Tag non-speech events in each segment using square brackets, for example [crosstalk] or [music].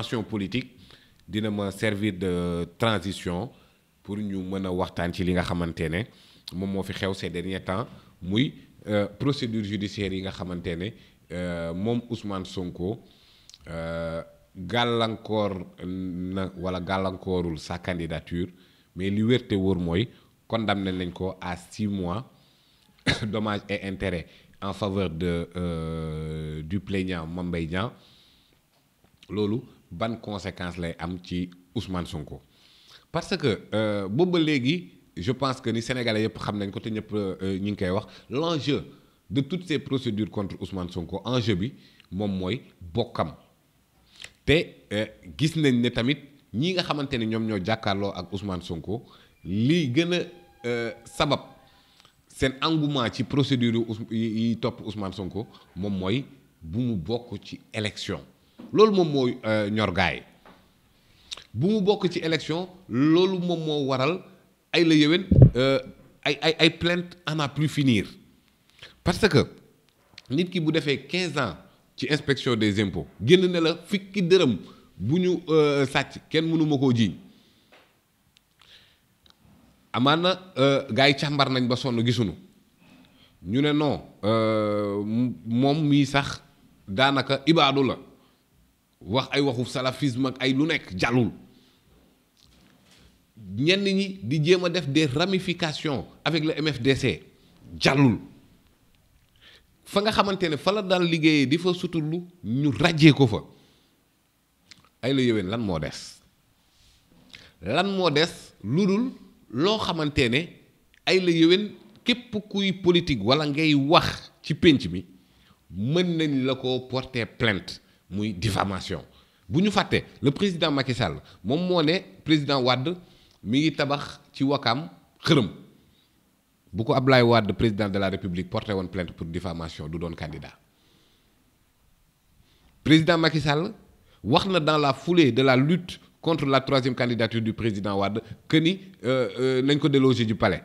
tension politique dina ma servir de transition pour ñu mëna a waxtaan ci li nga xamante ne xew ces derniers temps muy euh, procédure judiciaire yi nga xamante ne euh, moom Ousmane Sonko euh, gàllankoor na wala gàllankoorul sa candidature mais li wërté wóor moy condamné nañ ko à 6 mois [coughs] dommages et intérêt en faveur de du plaignant Mame Mbaye lolu ban conséquences lay am ci Ousmane Sonko parce que euh, booba léegi je pense que ni sénégalais yëpp xam nañ ko té ñëpp euh, ñu ngi koy wax l'enjeu de toutes ces procédures contre Ousmane Sonko enjeu bi moom mooy bokkam te euh, gis nañ né tamit ñi nga xamanté ni ñom ñoo jàkkaarloo ak Ousmane Sonko li gëna euh sabab sen engouement ci procédure yi top Ousmane Sonko mom moy bu mu bok ci élection. loolu moom moo euh, ñor gaay bu mu bokk ci élection loolu moom moo waral ay la yéwén euh, ay ay ay plainte à n'en plus finir parce que nit ki bu defee quinze ans ci inspection des impôts génn ne la fikki dërëm bu ñu euh, sàcc kenn mënuma koo jiiñ amaan na gars yi càmbar nañ ba sonn gisuñu ñu ne non moom mii sax daanaka ibaadu la wax ay waxu salafisme ak ay lu nek jàllul ñen ñi di jema def des ramifications avec le MFDC jàllul fa nga xamantene fa la dal liggéeyee di fa suturlu ñu ràjjee ko fa ay la yewen lan mo dess lan mo dess lu lo xamantene ay la yewen képp kuy politique wala ngay wax ci pénc mi mën nañ la ko porter plainte une diffamation Si le président Macky Sall moom président Wade mi ngi tabax ci Wakam bu président de la République porte une plainte pour diffamation du son candidat président Macky Sall dans la foulée de la lutte contre la troisième candidature du président Wade que nous euh, euh, nañ ko déloger du palais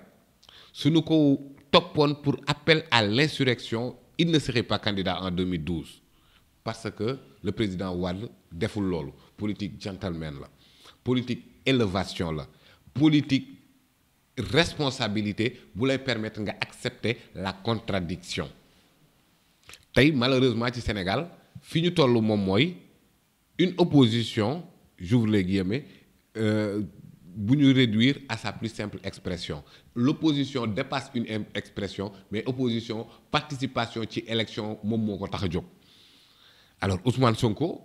suñu ko topone pour appel à l'insurrection il ne serait pas candidat en 2012 parce que le président Ouad deful lolu politique gentleman la politique élévation la politique responsabilité voulait permettre d'accepter la contradiction tay malheureusement ci Sénégal fi ñu une opposition j'ouvre les guillemets vous euh, nous réduire à sa plus simple expression l'opposition dépasse une expression mais opposition participation ci élection moment moko alors Ousmane Sonko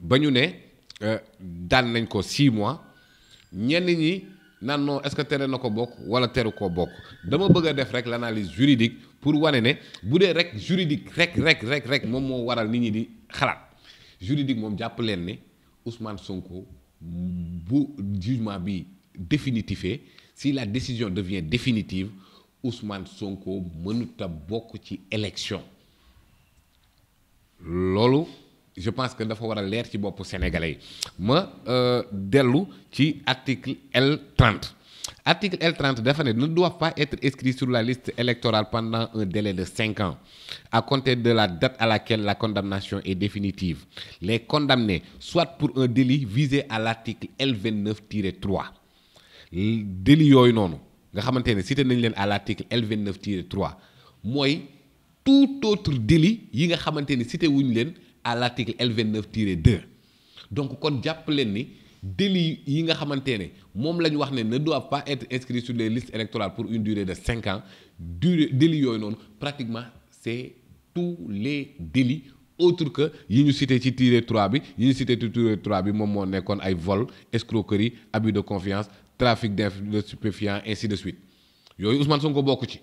bañu né euh ko 6 mois est-ce que ko wala ko bok dama bëgg rek l'analyse juridique pour wané rek juridique rek rek rek rek mom di juridique mom japp Ousmane Sonko bu si la décision devient définitive Ousmane Sonko mënut ci élection loolu je pense que dafa war a leer ci boppu sénégalais yi ma euh, dellu ci article L30 article L30 dafa ne ne pas être inscrit sur la liste électorale pendant un délai de 5 ans à compter de la date à laquelle la condamnation est définitive les condamnés soit pour un délit visé à l'article L29-3 délit yooyu noonu nga xamante ne cité nañ à l'article L29-3 mooy tout autre délit yi nga xamante ni cité wuñu leen à l'article L29-2 donc kon jàpp leen ni délit yi nga xamante ne moom la wax ne ne pas être inscrit sur les listes électorales pour une durée de 5 ans durée délit yooyu noonu pratiquement c' tous les délits autre que yi ñu cité ci tiré 3 bi yi ñu cité ci tiré 3 bi moom moo nekkoon ay vol escroquerie abus de confiance trafic de stupéfiants ainsi de suite yooyu Ousmane Sonko bokk ci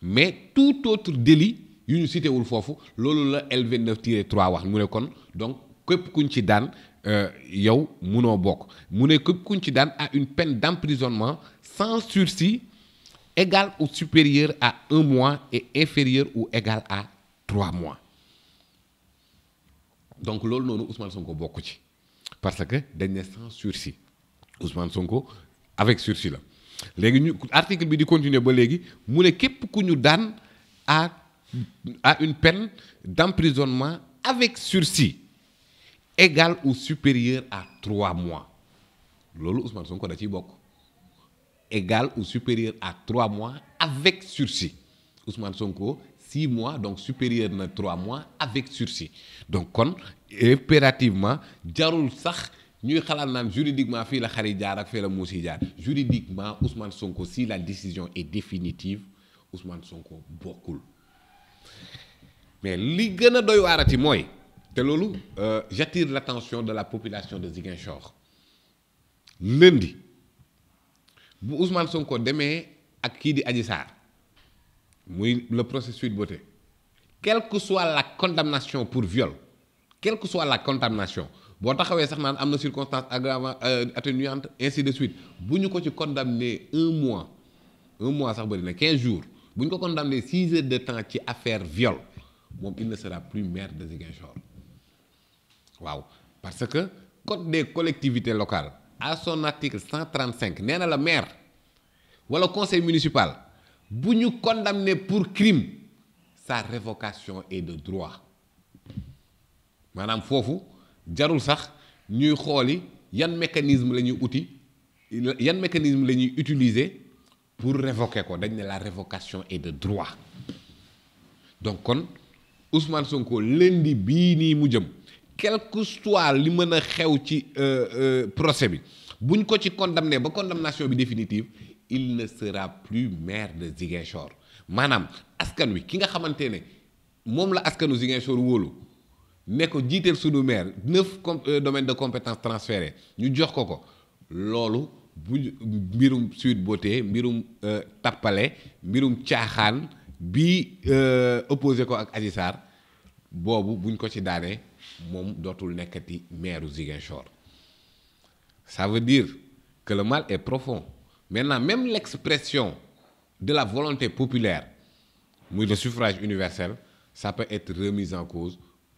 mais tout autre délit yu ñu cité wul foofu loolu la L29-3 wax mu kon donc kep kuñ ci euh yow munoo bok mu ne kuñ ci dan à une peine d'emprisonnement sans sursis égale ou supérieure à un mois et inférieure ou égale à trois mois donc loolu noonu Ousmane Sonko bokk ci parce que dañ ne sans sursis Ousmane Sonko avec sursis là. Légui ñu article bi di continuer ba légui mu ne képp ku ñu daan à à une peine d'emprisonnement avec sursis égal ou supérieur à 3 mois Lolu Ousmane Sonko da ci bok. égal ou supérieur à 3 mois avec sursis Ousmane Sonko 6 mois donc supérieur à 3 mois avec sursis donc kon impérativement jarul sax nous avons juridiquement fait la xar la muus juridiquement Ousmane Sonko si la décision est définitive Ousmane Sonko beaucoup. mais ce qui est doy waarati c'est te euh, j'attire l'attention de la population de Ziguinchor lundi Ousmane Sonko demain, ak kii di le procès de Beauté quelle que soit la condamnation pour viol quelle que soit la condamnation si vous sax nan circonstances euh, atténuantes, ainsi de suite Si ko condamné un mois un mois sax veut na 15 jours si ko condamné 6 heures de temps ci affaire viol il ne sera plus maire de Ziguinchor waaw parce que code des collectivités locales à son article 135 y pas la maire ou le conseil municipal si condamner condamné pour crime sa révocation est de droit Madame fofu jarul sax ñuy xooli yan mécanisme la ñuy uti mécanisme la ñuy utiliser pour révoquer ko dañ la révocation est de droit donc kon Ousmane Sonko lundi bi ni mu jëm quel soit li mëna xew ci euh, euh, procès bi buñ ko ci condamné ba condamnation bi définitive il ne sera plus maire de Ziguinchor manam askan wi ki nga xamante ne moom la askanu Ziguinchor wolu ne ko sunu maire neuf euh, domaines de compétences transférés ñu jox ko ko loolu bu mbirum suite Beauté mbirum euh, tappale mbirum tiaxan bi euh, opposé ko ak Adji Sarr boobu buñ ko ci daanee moom dootul nekkati maire Ziguinchor ça veut dire que le mal est profond maintenant même l'expression de la volonté populaire muy le suffrage universel ça peut être remis en cause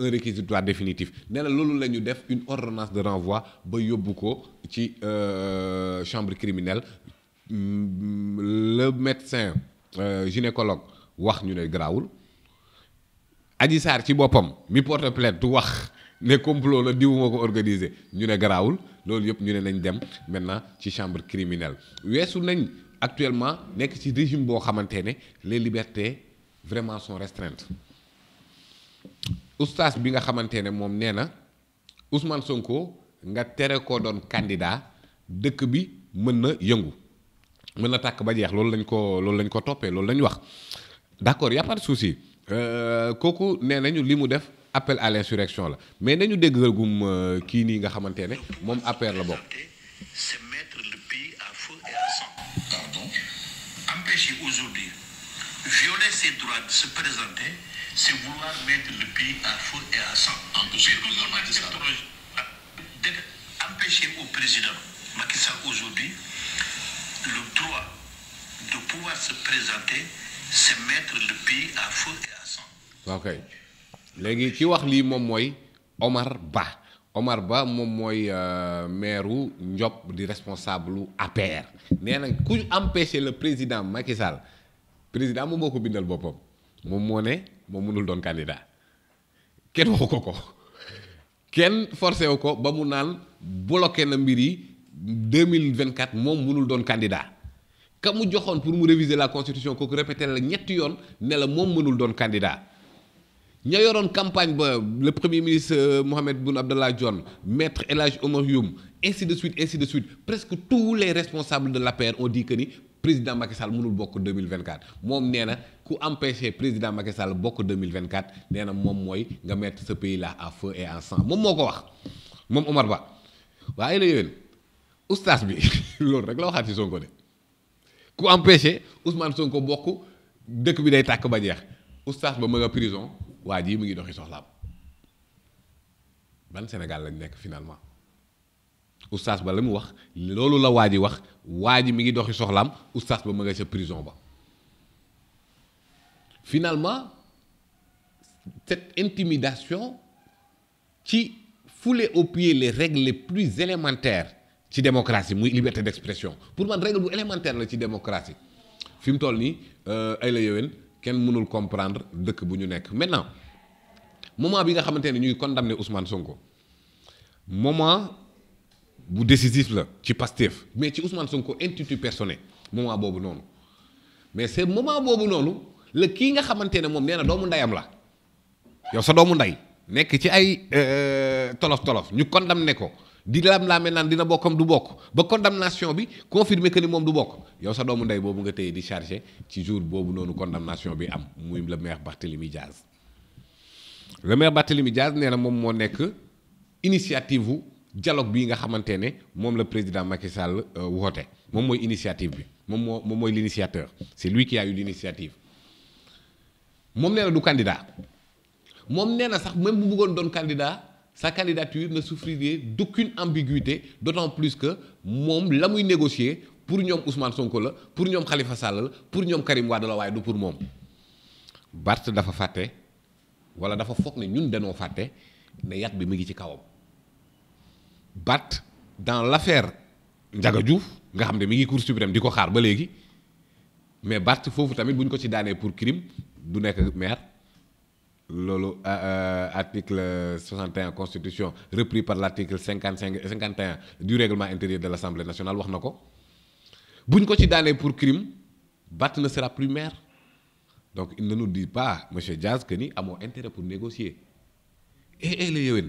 un réquisitoire définitif Nous définitif. une ordonnance de renvoi ba la ko euh, chambre criminelle mm, le médecin euh, gynécologue wax ñu ne garaawul Adji Sarr ci boppam mi porte plainte wax ne complot la diw moo ko organisé ñu ne garaawul loolu yëpp ñu ne nañ dem maintenant ci chambre criminelle weesu nañ actuellement nekk ci régime boo xamante les libertés vraiment sont restreintes Oustas bi nga xamantene mom moom Ousmane Sonko nga téré ko don candidat dëkk bi mën na yëngu mën na ba jeex loolu lañ ko loolu lañ ko topé loolu lañ wax d'accord y a pas de souci euh koku nañu li def appel à l'insurrection la mais nañu dégg gum euh, kii nii nga xamantene mom appel la bok c'est mettre le pays à feu et à sang. Pardon? Empêcher aujourd'hui, violer ses droits de se présenter c'est vouloir mettre le pays à feu et à sang. En tout empêcher au président Macky Sall aujourd'hui le droit de pouvoir se présenter, c'est mettre le pays à feu et à sang. ok Légui, ki wax li mom moy Omar Ba Omar Ba moy euh, maireu Ndiop di responsable APR nee na ku empêcher le président Macky Sall président moom moo bindal bopam. Mom moo ne moom mënul doon candidat kenn waxu ko ko kenn forcé wu ko ba mu naan bloqué na mbir yi 2024 moom mënul doon candidat ka mu joxoon pour mu réviser la constitution kooku répété la ñetti yoon ne la moom mënul doon candidat ña yoroon campagne ba le premier ministre euh, Mohamed Boun Abdallah john maître elage Hadj Omar Youm ainsi de suite ainsi de suite presque tous les responsables de la paire ont dit que ni président Macky Sall bokk 2024 mom nee ku empêcher président Macky Sall bokk 2024 de mettre ce pays là à feu et à sang mom moko wax mom Omar Ba waaye la yewen oustaz bi [laughs] lool rek la ci Sonko de ku empêcher Ousmane Sonko bokk bi day tak ba oustaz ba ma prison ngi doxi ban Sénégal finalement oustaz ba la wax loolu la waji wax waji mi ngi doxi oustaz ba ma nga prison ba finalement cette intimidation qui foulait au pied les règles les plus élémentaires ci démocratie muy liberté d'expression pour man règle bu élémentaire la ci démocratie fim mu toll nii euh, ay la yewen mënul comprendre dëkk bu ñu maintenant moment bi nga xamanteni ñu condamné Ousmane Sonko moment bu décisif la ci Pastef mais ci Ousmane Sonko intitut personnel moment bobu non. mais c'est moment bobu non le ki nga xamantene mom moom nee na doomu ndeyam la yow sa doomu nday nek ci ay euh, tolof tolof ñu condamné ko di lam-laame naan dina bokkam du bokk ba condamnation bi confirmer que ni mom du bokk yow sa doomu nday bobu nga tey di charger ci jour bobu noonu condamnation bi am muy le maire Barthélémy Diaz le maire Barthélémy Diaz nee mom mo nek initiative dialogue bi nga xamantene mom le président Macky Sall euh, woté mom moy initiative bi mom mom moy l'initiateur c'est lui qui a eu l'initiative mom nee na du candidat mom nee na sax même bu bëggoon don candidat sa candidature ne souffrirait d'aucune ambiguïté d'autant plus que mom la muy négocier pour ñom Ousmane Sonko la pour ñom Khalifa Sall la pour ñom Karim Wade la waaye du pour mom Barth dafa faté wala dafa fokk ne ñun danoo faté ne yat bi mi ngi ci kawam battre dans l'affaire affaire Ndiaga Diouf nga xamné mi ngi cour suprême diko xaar ba légui mais bat fofu tamit buñ ko ci dané pour crime du pas maire euh, euh, article 61 constitution repris par l'article 55 51 du règlement intérieur de l'Assemblée nationale wax vous ko pas ci pour crime bat ne sera plus maire donc il ne nous dit pas monsieur Diaz que ni amo intérêt pour négocier et et la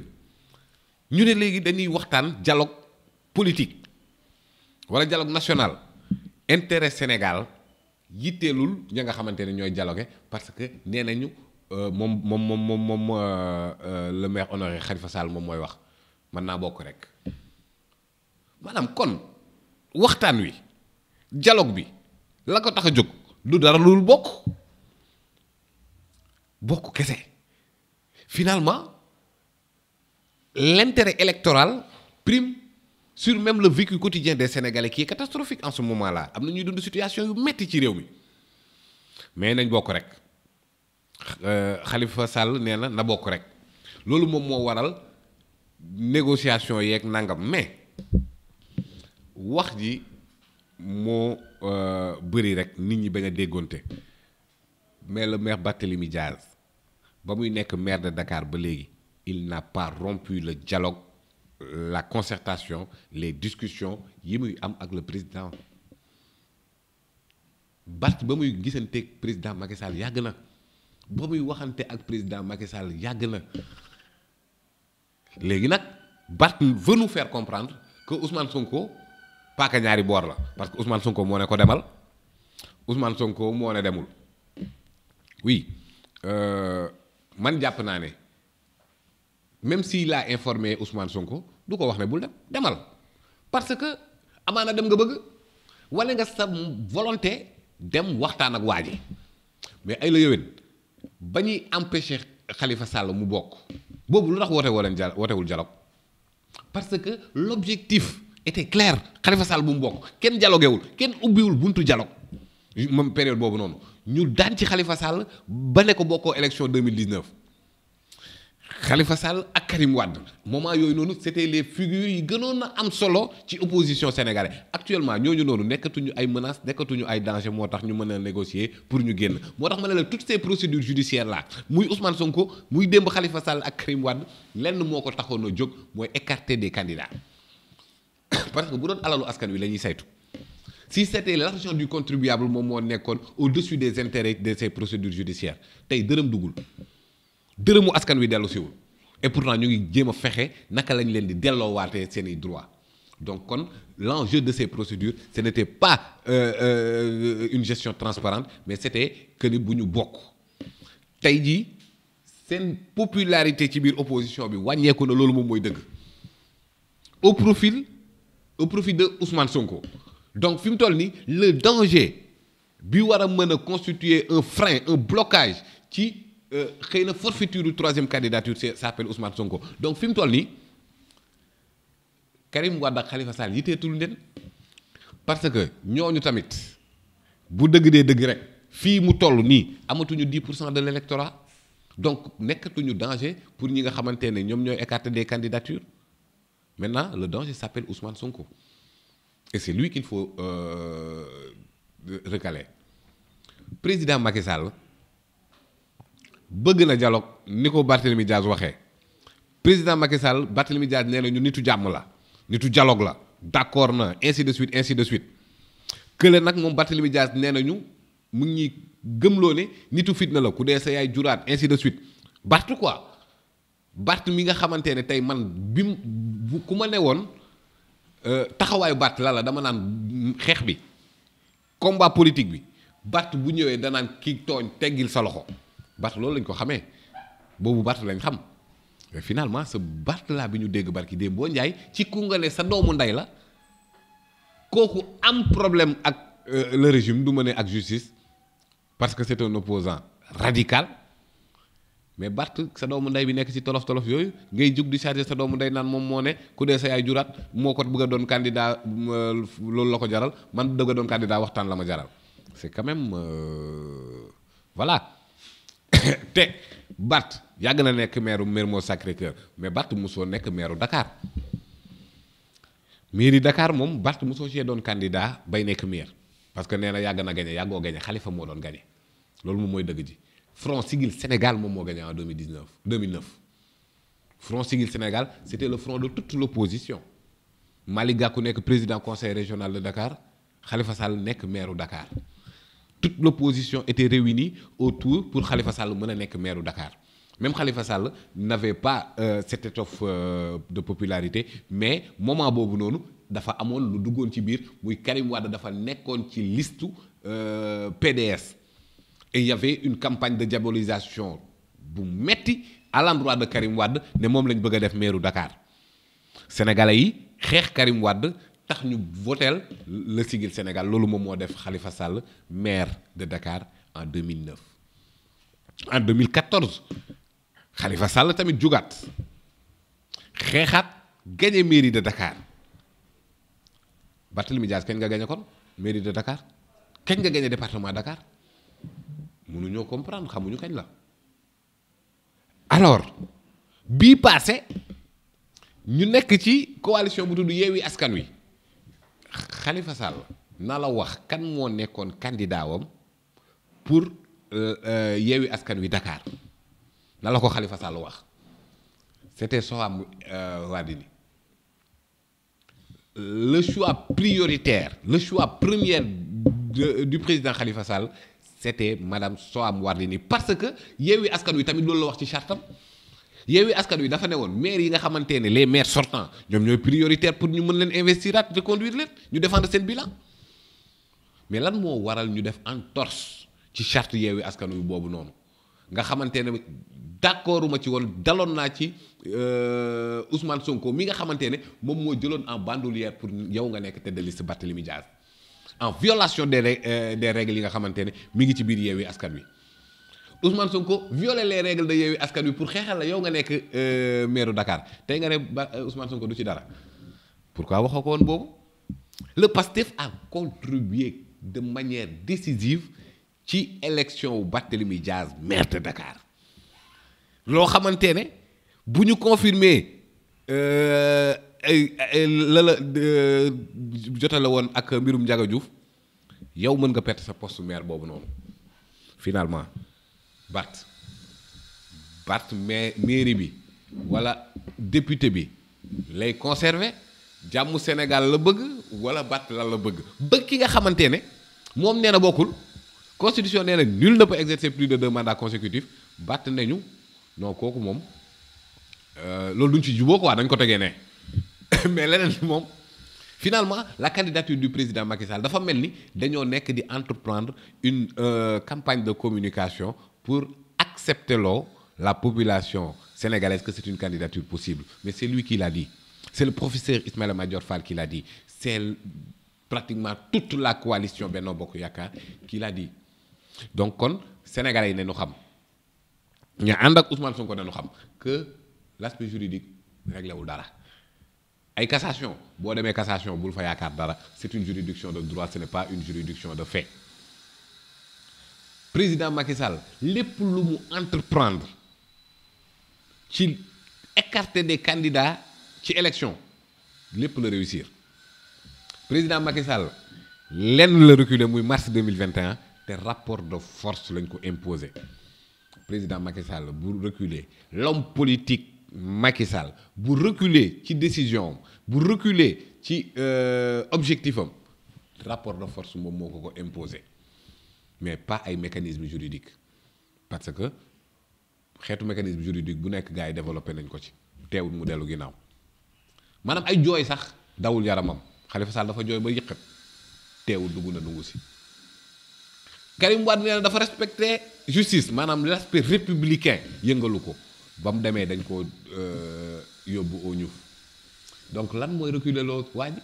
ñu ne léegi dañuy waxtaan dialogue politique wala dialogue national intérêt Sénégal yitteelul ña nga xamante ne ñooy dialogue parce que nee nañu euh, moom moom moom moom moom euh, euh, le maire honoré Khalifa Sall moom mooy wax man naa bokk rek maanaam kon waxtaan wi dialogue bi la ko tax a jóg du dara lul bokk bokk kese finalement l'intérêt électoral prime sur même le vécu quotidien des Sénégalais qui est catastrophique en ce moment-là am na dans une situation qui est très réew mais nañ bokk rek euh, Khalifa Sall nee na na bokk rek que moom mo waral négociation yeeg nangam mais wax ji euh beuri rek nit ñi bañ a mais le maire Barthélémy Diaz ba muy le maire de Dakar ba il n'a pas rompu le dialogue la concertation les discussions Il a am ak le président y a eu le président Macky Sall yàgg il a muy avec ak président Macky Sall yàgg na président. Les Barth veut nous faire comprendre que Ousmane Sonko paaka ñaari de boire. parce que Ousmane Sonko moo ne de demal Ousmane Sonko moo de demul oui euh, man japp naa même s'il a informé Ousmane Sonko du ko wax ne boule demal parce que amana dem nga bëgg wala nga sa volonté dem waxtaan ak waji mais ay la yëwén bañi empêcher Khalifa Sall mu bokk bobu lu tax woote wolen leen ja dialogue parce que l'objectif était clair Khalifa Sall bu mu bokk kenn ken kenn ubbiwul buntu dialogue mom période bobu noonu ñu daan ci Khalifa Sall ba ne ko élection 2019 Khalifa Sall ak Karim Wade moment yoy nonou c'était les figures yi gënon a am solo ci opposition sénégalaise actuellement ñooñu nonou nekkatuñu ay menaces nekkatuñu ay dangers motax ñu mëna négocier pour ñu génn motax tax toutes ces procédures judiciaires là muy Ousmane Sonko muy demb Khalifa Sall ak Karim Wade lenn moko taxono jog moy écarter des candidats [coughs] parce que bu doon alalu askan wi lañuy saytu. si c'était l'argent du contribuable moom moo au-dessus des intérêts de ces procédures judiciaires tay deureum dugul dërëmu askan wi ci siwul et pourtant ñu ngi jéem fexé naka lañ leen di delloowaatee seen droit donc kon l'enjeu de ces procédures ce n'était pas euh, euh, une gestion transparente mais c'était que ni buñu ñu bokk tey seen popularité ci biir opposition bi wàññeeku na loolu moom mooy dëgg au profil au profit de Ousmane Sonko donc fi mu toll ni le danger bi war a mën a constituer un frein un blocage ci euh, a une forfaiture troisième candidature s'appelle Ousmane Sonko donc fi toi toll nii Karim Wade a Khalifa Sall le monde. parce que ñooñu tamit bu dëgg de dëgg rek fii mu toll nii Nous 10 de l'électorat. électorat donc nekkatuñu danger pour nous, nga xamante nous ñoom nous écarter des candidatures maintenant le danger s'appelle Ousmane Sonko et c'est lui qu'il faut euh, recaler président Macky Sall. bëgg na dialogue ni ko Barthélemy Diaz waxee président Macky Sall Barthélemy Diaz nee na ñu nitu jàmm la nitu jaloog la d'accord na ainsi de suite ainsi de suite kële nag moom Barthélemy Diaz nee nañu mu ngi gëmloo ne nitu fitna la ku dee sa yaay juraat ainsi de suite Barth koi Barth mi nga xamante ne tey man bi ku ma ne woon euh, taxawaayu Barth la la dama naan xeex bi combat politique bi Barth bu ñëwee danaan kii tooñ teggil sa loxo. Bart loolu lañ ko xamee boobu Bart lañ xam mais finalement sa Bart laa bi ñu dégg barki dee boo njaay ci ku nga ne sa doomu ndey la kooku am problème ak euh, le régime du ma ne ak justice parce que c'est un opposant radical mais Bart sa doomu ndey bi nekk ci tolof tolof yooyu ngay jug di charger sa doomu ndey naan moom moo ne ku dee sa yaay juraat moo ko bëgg a doon candidat euh, loolu la ko jaral man bëgg a doon candidat waxtaan la ma jaral c'est quand même euh, [laughs] te Bart yàgg na nekk maire Mermoz Sacré-Cœur mais Bart mosoo nekk maire Dakar Miri Dakar moom Bart mosoo cee candidat bay nekk maire parce que nee na yàgg na gagné yàggoo gagné Khalifa moo doon gagné. loolu moom mooy dëgg ji Front Sigil Sénégal moom moo gagné en 2019 2009 Front Sigil Sénégal c'était le front de toute l'opposition Malick Gakou nekk président conseil régional de Dakar Khalifa Sall nekk maire Dakar toute l'opposition était réunie autour pour Khalifa Sall mener le maire de Dakar même Khalifa Sall n'avait pas euh, cette étoffe euh, de popularité mais moment bobu nonu dafa amone lu duggoon ci biir muy Karim Wade dafa liste ci euh, PDS et il y avait une campagne de diabolisation bu metti à l'endroit de Karim Wade né mom lañ bëgg def maire Dakar sénégalais yi xex Karim Wade tax ñu votel le sigil Sénégal loolu moom moo def Khalifa Sall maire de Dakar en 2009 en 2014 Khalifa Sall tamit jugaat xeexaat gagné mairie de Dakar Barthélemy Dias kañ nga gagné kon mairie de Dakar kañ nga gagné département Dakar mënuñoo comprendre xamuñu kañ la alors bii passé ñu nekk ci coalition bu tudd Yewwi Askan Khalifa Sall na wax kan mo candidat pour euh, euh, yewi askan wi Dakar na ko Khalifa Sall c'était Soham euh, Wardini le choix prioritaire le choix premier du président Khalifa Sall c'était madame Soham Wardini parce que yewi askan wi tamit loolu wax ci Yewwi Askan Wi dafa ne maire yi nga xamante ne les maires sortants ñoom ñooy prioritaire pour ñu mën leen investiraat reconduire leen ñu défendre seen bilan mais lan moo waral ñu def en torse ci charte Yewwi Askan Wi boobu noonu nga xamante ne d'accord ma ci woon daloon naa ci euh, Ousmane Sonko mi nga xamante ne moom moo jëloon en bandoulière pour yow nga nekk tête de liste Barthélémy Diaz en violation des euh, des règles yi nga xamante ne mi ngi ci biir Yewwi Askan Wi Ousmane Sonko violé les règles de Yewwi Askan Wi pour xeexal la yow nga nekk euh, maire Dakar tay nga euh, Ousmane Sonko du ci dara pourquoi waxoko won bobu le PASTEF a contribué de manière décisive ci élection wu Barthélemy Diaz maire de Dakar lo xamantene buñu bu ñu confirmer euh, la la jotale woon ak mbirum Ndiaga Diouf yow mën nga perdre sa poste maire bobu non. finalement Bart Bart mais mairie bi wala député bi les conserver jàmm Sénégal la bëgg wala Bart l'a la bëgg bëgg ki nga xamanté ne mom néna na constitution néna nul ne peut exercer plus de deux mandats consécutifs Bart nañu non mom euh loolu duñ ci juboo quoi dañ ko tégué né [coughs] mais lénen mom finalement la candidature du président Macky Sall d'abord mel ni di entreprendre une euh, campagne de communication pour accepter la population sénégalaise que c'est une candidature possible. Mais c'est lui qui l'a dit. C'est le professeur Ismaël Major Fall qui l'a dit. C'est pratiquement toute la coalition Beno qui l'a dit. Donc, kon, Sénégalais, nous savons. Nous avons Ousmane Sonko nous savons que l'aspect juridique ne règle pas. ay cassation boo demee cassation fa c'est une juridiction de droit ce n'est pas une juridiction de fait président Macky Sall lu mu entreprendre ci écarter des candidats ci élection lépp le réussir président Macky Sall lenn reculer en mars 2021 le rapport de force lañ ko imposé président Macky Sall reculer l'homme politique Macky Sall bu reculer ci décision pour bu reculer ci euh, objectif rapport de force moom imposé mais pas ay mécanismes juridiques parce que xeetu mécanisme juridique bu nekk gars yi développé nañ ko ci teewul mu dellu ginnaaw maanaam ay jooy sax dawul yaramam Khalifa Sall dafa jooy ba yëqat teewul dugg na dugg si Karim Wade nee dafa respecté justice maanaam l'aspect républicain yëngalu ko ba mu demee dañ ko euh, yóbbu au ñuuf donc lan mooy reculer loo waa ji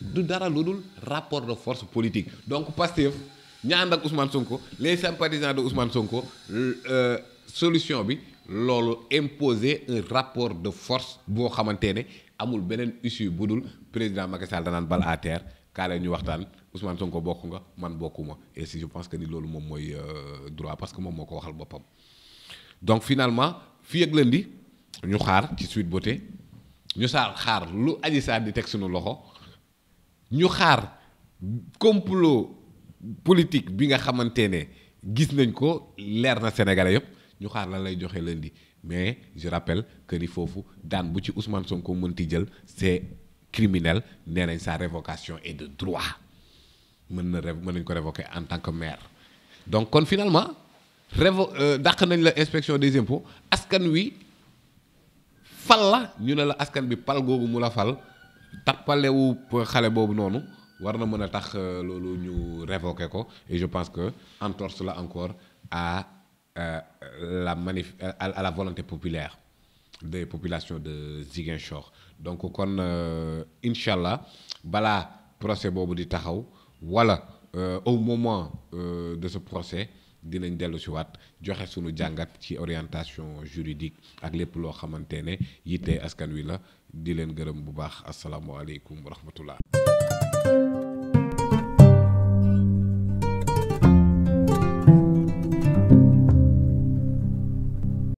du dara lu dul rapport de force politique donc Pastef ñaan ak Ousmane Sonko les sympathisants de Ousmane Sonko euh, solution bi loolu imposer un rapport de force boo xamante ne amul beneen issue bu dul président Macky Sall danaan bal à terre kaa la ñu waxtaan Ousmane Sonko bokk nga man bokkuma et si je pense que ni loolu moom mooy euh, droit parce que moom moo ko waxal boppam. donc finalement fii ak lundi ñu xaar ci suite Beauté ñu saar xaar lu Adji Sarr di teg suñu loxo ñu xaar complot politique bi nga xamante gis nañ ko na Sénégalais yëpp ñu xaar lundi mais je rappelle que ni foofu daan bu ci Ousmane Sonko c'est criminel sa révocation est de droit mën na révoquer en tant que maire donc finalement révo euh, la inspection des impôts askan wi fal la ñu ne la askan bi pal googu la war na tax euh, lolu ñu révoquer ko et je pense que entorse la encore à euh, la manif à, la volonté populaire des populations de Ziguinchor donc kon euh, inshallah bala procès bobu di taxaw wala euh, au moment de ce procès dinañ dellu ci wat joxe suñu jangat ci orientation juridique ak lepp lo xamantene yité askan wi la di leen gërëm bu baax asalaamualeykum wa rahmatullah